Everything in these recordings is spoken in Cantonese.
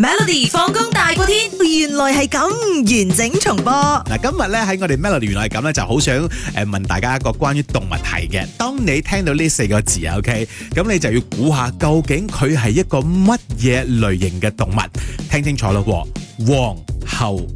Melody 放工大過天，原來係咁完整重播。嗱，今日咧喺我哋 Melody 原來係咁咧，就好想誒問大家一個關於動物題嘅。當你聽到呢四個字，OK，咁你就要估下究竟佢係一個乜嘢類型嘅動物？聽，聽清楚咯，皇、哦、后。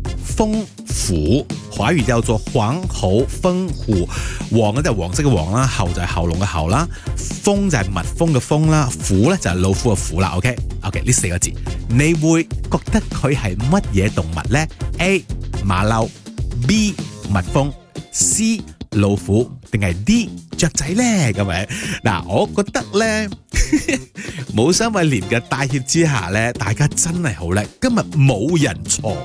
蜂虎，華語叫做黃喉蜂虎，黃咧就係黃色嘅黃啦，喉就係喉嚨嘅喉啦，蜂就係蜜蜂嘅蜂啦，虎咧就係老虎嘅虎啦。OK，OK，OK? OK，呢四個字你會覺得佢係乜嘢動物咧？A 馬騮，B 蜜蜂，C 老虎，定係 D 雀仔咧？咁樣嗱，我覺得咧，冇三位連嘅大協之下咧，大家真係好叻，今日冇人錯。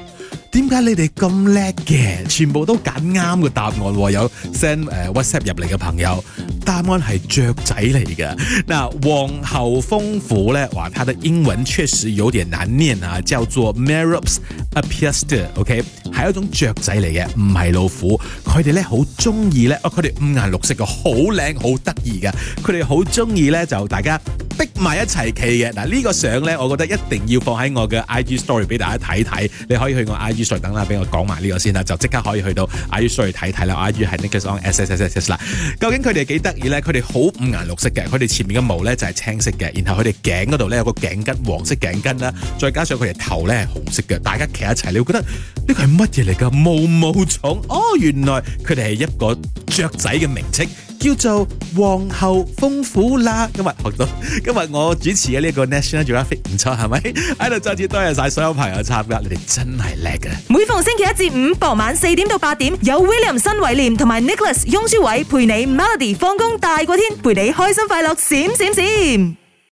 點解你哋咁叻嘅？全部都揀啱個答案喎。有 send WhatsApp 入嚟嘅朋友，答案係雀仔嚟嘅。嗱 王后風福咧，哇，它的英文確實有點難念啊，叫做 Merops apiaster，OK、okay? 係一種雀仔嚟嘅，唔係老虎。佢哋咧好中意咧，哦，佢哋五顏六色嘅，好靚好得意嘅。佢哋好中意咧，就大家逼埋一齊企嘅。嗱，呢個相咧，我覺得一定要放喺我嘅 I G story 俾大家睇睇。你可以去我 I G 上等啦，俾我講埋呢個先啦，就即刻可以去到 I G story 睇睇啦。I G 係 Nicholas on S S S S S 啦。究竟佢哋幾得意咧？佢哋好五顏六色嘅，佢哋前面嘅毛咧就係青色嘅，然後佢哋頸嗰度咧有個頸巾，黃色頸巾啦，再加上佢哋頭咧係紅色嘅。大家企一齊，你會覺得呢個係。乜嘢嚟噶，毛毛蟲哦？原來佢哋係一個雀仔嘅名稱，叫做皇后蜂虎啦。今日學到，今日我主持嘅呢個 National Geographic 唔錯係咪？喺度再次多謝晒所有朋友參加，你哋真係叻噶。每逢星期一至五傍晚四點到八點，有 William 新偉廉同埋 Nicholas 雍舒偉陪你 Melody 放工大過天，陪你開心快樂閃閃閃。閃閃閃閃